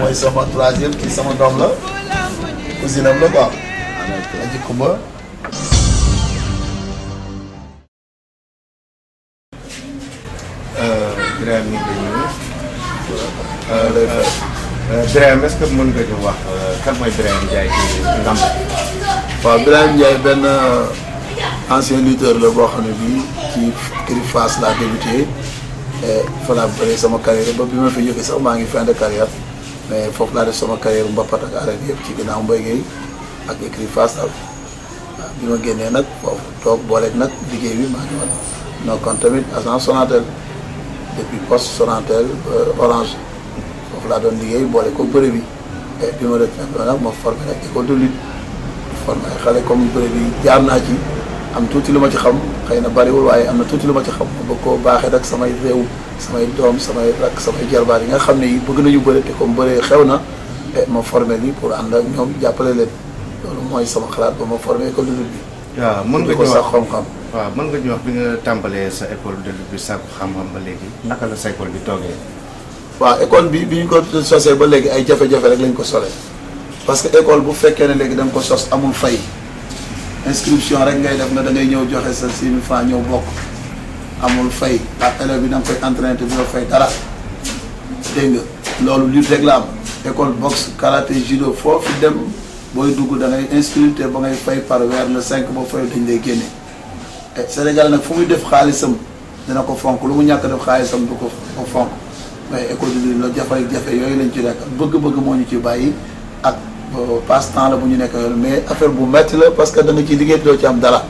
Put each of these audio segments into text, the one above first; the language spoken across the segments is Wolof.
mooy sama sama doom la cousine am la quoi aji Kumba euh, Birame ñu euh, euh, mën nga ñu wax kan mooy benn ancien lutteur la boo xam ne bii ci kii Fass laa débuté fa laa bëree sama carrière ba bi ma fi jógee sax maa ngi fin de carrière. mais foofu laa def sama carrière mbappat ak arène yëpp ci ginnaaw Mbaye Guèye ak écrit face ak bi ma génnee nag foofu toog booleeg nag liggéey bi maa ngi woon non kon tamit agence Sonatel depuis poste Sonatel euh, foofu laa doon liggéey boole ko bëri bi et bi ma de lutte formé ay jaar naa ci am tuuti lu ma ci xam. xëy na bariwul waaye am na tuuti lu ma ci xam ba koo baaxee rek samay réew samay doom samay rak samay yi nga xam ne yi bëgg nañu bëri te comme bëree xew na eh, ma formé lii pour ànd ak ñoom jàppale leen loolu mooy sama xalaat ba ma formé école de lutte bi. waaw mën nga ko sax xam-xam. waaw mën nga ñu wax bi nga tàmbalee sa école de lutte bi sàkku xam-xam ba léegi hmm. naka la sa école bi toogee. waa école bi bi ñu ko sosee ba léegi ay jafe-jafe rek lañ ko solee parce que école bu fekkee ne léegi da ko sos amul fay. inscription rek ngay def na da ñëw joxe sa 6000 francs ñëw bokk amul fay ak élève bi da nga koy entraîné te dina fay dara dégg nga loolu lutte rek am école boxe karaté judo foofu dem booy dugg da ngay te ba ngay fay par weer le 5 ba fay dañ lay génne. Eh, Sénégal nag fu muy def xaalisam dina ko fonk lu mu ñàkk def xaalisam du ko ko fonk mais école bi la jafe-jafe yooyu lañ ci rek bëgg-bëgg moo ñu ci bàyyi ak. Euh, passe temps la bu ñu nekk mais affaire bu metti la parce que da nga ciy liggéey doo ci am dara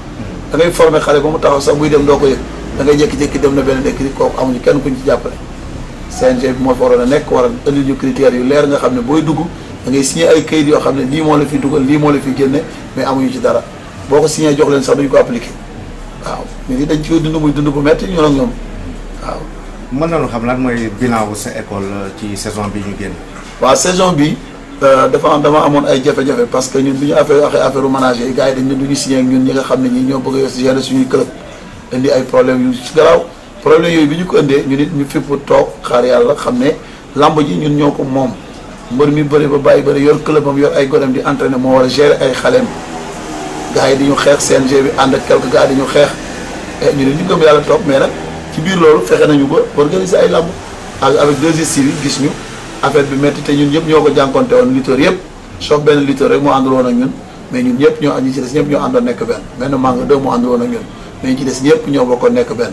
da ngay former xale ba mu taxaw sax buy dem doo ko yëg da ngay jékki dem na benn équipe kooku amuñu kenn kuñ ci jàppale CNG bi moo fi waroon a nekk war a indi ñu critères yu leer nga xam ne booy dugg da ngay ay kayit yoo xam ne lii moo la fi dugal lii moo la fi génne mais amuñu ci dara boo ko signé jox leen sax duñ ko appliqué waaw mais dañ ci dund muy dund bu métti ñu ak ñoom waaw. mën na loo xam lan mooy bilan wu sa école euh, ci saison bi ñu génn. waaw saison bi. Euh, dafa dama amoon ay jafe-jafe parce que ñun bu ñu affaire waxee affaire manager yi gars yi dañ ne ñu signé ak ñun ñi nga xam ne ñi ñoo bëgg a gérer suñuy club indi ay problème yu garaaw problème yooyu bi ñu ko indee ñu nit ñu fépp toog xaar yàlla xam ne lamb ji ñun ñoo ko moom mbër mi bëri ba bàyyi bëri yor club am yor ay gonem di entraîner moo war a gérer ay xaleem gaa yi di ñu xeex CNG bi ànd ak quelque gars di ñu xeex eh, ñu ne ñu gëm yàlla toog mais nag ci biir loolu fexe nañu ba organiser ay lamb ak avec yi gis ñu affaire bi métti te ñun ñëpp ñoo ko jànkonte woon lutteur yëpp sauf benn lutteur rek moo àndul ak ñun mais ñun ñëpp ñoo ñi ci des ñëpp ñoo àndoon nekk benn benn manque deux moo àndul woon ak ñun mais ñi ci des ñëpp ñoo bokkoon nekk benn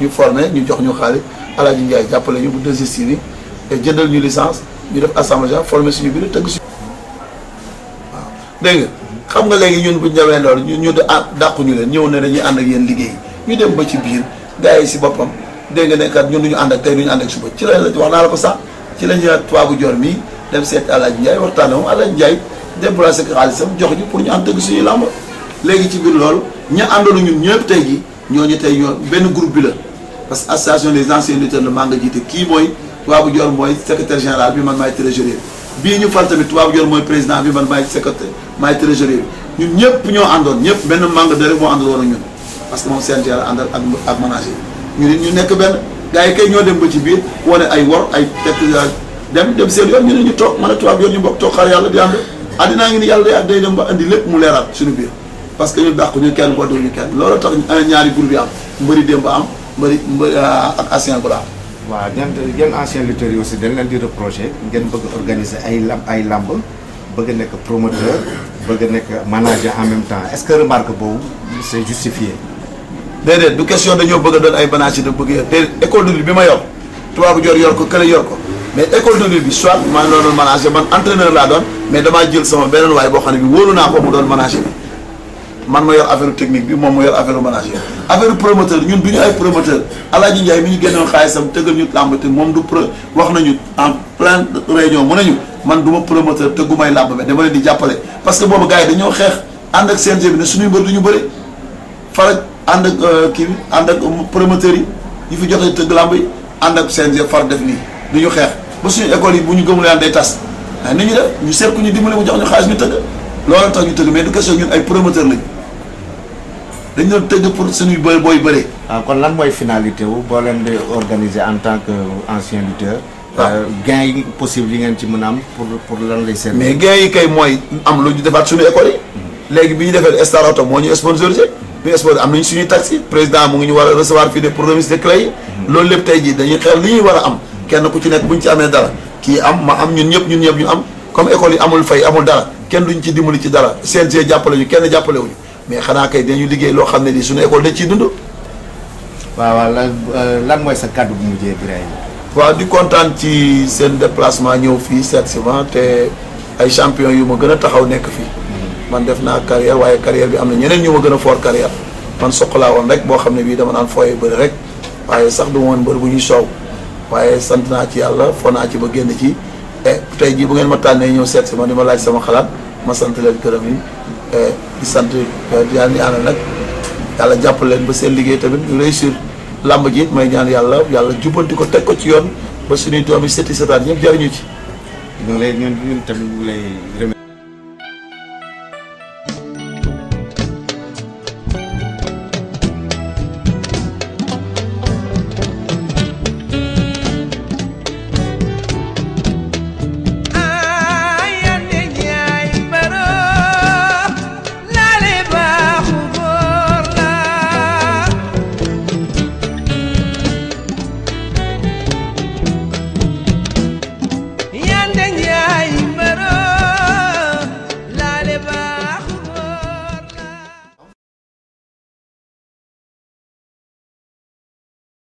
ñu formé ñu jox ñu xaalis Alaaji Njaay jàppale ñu bu desistir yi te jëndal ñu licence ñu def assemblée formé suñu biir nga xam nga léegi ñun bu ñu demee loolu ñun ñu dàqu ñu leen ñëw ne dañuy ànd ak yéen liggéey ñu dem ba ci biir gars yi si boppam dégg nga ne kat ñun duñu ànd ak tey duñu ànd ak suba ci la wax naa la ko sax ci lañu ñu tubaabu joor mi dem seet Alaaji Njaay waxtaan moom Alaaji Njaay déplacé ko xaalisam jox ñu pour ñu ànd ak suñu lamb léegi ci biir loolu ña àndoon ñun ñëpp tey jii ñooñu tey ñoo benn groupe bi la parce que association des anciens lutteurs la maa nga jiite kii mooy tubaabu joor mooy secrétaire général bi man maay trésorier bii ñu fal tamit tubaabu jor mooy président bi man maay secrétaire maay trésorier bi ñun ñëpp ñoo àndoon ñëpp benn màng de rek moo àndul woon ñun parce que moom CNG la àndal ak ak manager ñu ñu nekk benn gaay kay ñoo dem ba ci biir wone ay wor ay tet euh, dem dem seen yoon ñu ne ñu tok mën a yoon ñu bok tok xar yàlla di ànd adina ngi ni yàlla day dem ba andi lépp mu leeraat suñu biir parce que ñu dàq ñu kenn boo ñu kenn loolu tax euh, ñaari groupe yi am mbëri ba am mbëri mbëri euh, ak ancien bu la am waaw ñan yan ancien lutteur yi aussi dañ leen di reproché ngeen bëgg organiser ay lamb ay lamb bëgg nekk promoteur bëgg nekk manager en même temps est ce que remarque boobu c'est justifié déedéet du question dañoo bëgg a doon ay banage da bëgg yor déedéet école de bi ma yor tubaabu jor yor ko kële yor ko mais école de bi soit maa ngi doon manager man entraîneur boo xam ne bi wóolu naa ko mu doon manager bi man ma yor affaire technique bi moom ma yor affaire manager affaire promoteur ñun du ñu ay promoteur Alaaji Njaay mi ñu génnoon xaalisam tëggal ñu làmb te moom du man ma promoteur te gu may làmb mais dama leen di jàppale parce que boobu gars yi dañoo xeex ànd ak CNG bi ne suñuy mbër du ñu bëri ànd ak euh, kii ànd ak euh, promoteurs yi yi fi joxe tëgg làmb yi ànd ak CNG far def nii du ñu xeex ba suñu école yi bu ñu gëmulee day tas waaye nit ñu def ñu seet ku ñu dimbali mu jox ñu xaalis ñu tëgg loolu tax ñu tëgg mais du question ñun ay promoteur lañ dañ doon tëgg pour suñuy boy booy bëree. waaw ah, kon lan mooy finalité wu boo leen di organiser en tant que ancien lutteur. Ah. Euh, gain yi possible yi ngeen ci mën a am pour pour lan lay seet. mais gain yi kay mooy am lu ñu defaat suñu hmm. bi ñu defee star auto moo ñu sponsorisé. ñu exposé am nañ suñuy taxi président mu ngi ñu war a recevoir fii de pour remise de yi mhm. loolu lépp tey jii dañuy xel li ñuy war a am mhm. kenn ku ci nekk bu ñu ci amee dara kii am ma am ñun ñëpp ñun ñëpp ñu am comme école yi amul fay amul dara kenn duñ ci dimbali ci dara see jàppale ñu kenn jàppale wuñu mais xanaa kay dinañu liggéey loo xam ne nii suñu école dañ ciy dund waaw waaw euh, lan mooy sa kàddu bu mujjee Birahima waaw di kontaan ci seen déplacement ñëw fii seet si ma te ay gën a taxaw nekk fii man def naa carrière waaye carrière bi am na ñeneen ñu ma gën a fort carrière man soxlaa woon rek boo xam ne bii dama naan fooye bëri rek waaye sax du ma woon bëri bu ñuy soow waaye sant naa ci yàlla foo naa ci ba génn ci e tey jii bu ngeen ma tànnee ñëw seet sama ni ma laaj sama xalaat ma sant leen këram yi di sant yàlla euh, nag yàlla jàpp leen ba seen liggéey tamit ñu réussir làmb ji may ñaan yàlla yàlla di ko teg ko ci yoon ba suñuy doom yi seeti setaat ñëpp jariñu ci. ñu ngi lay ñun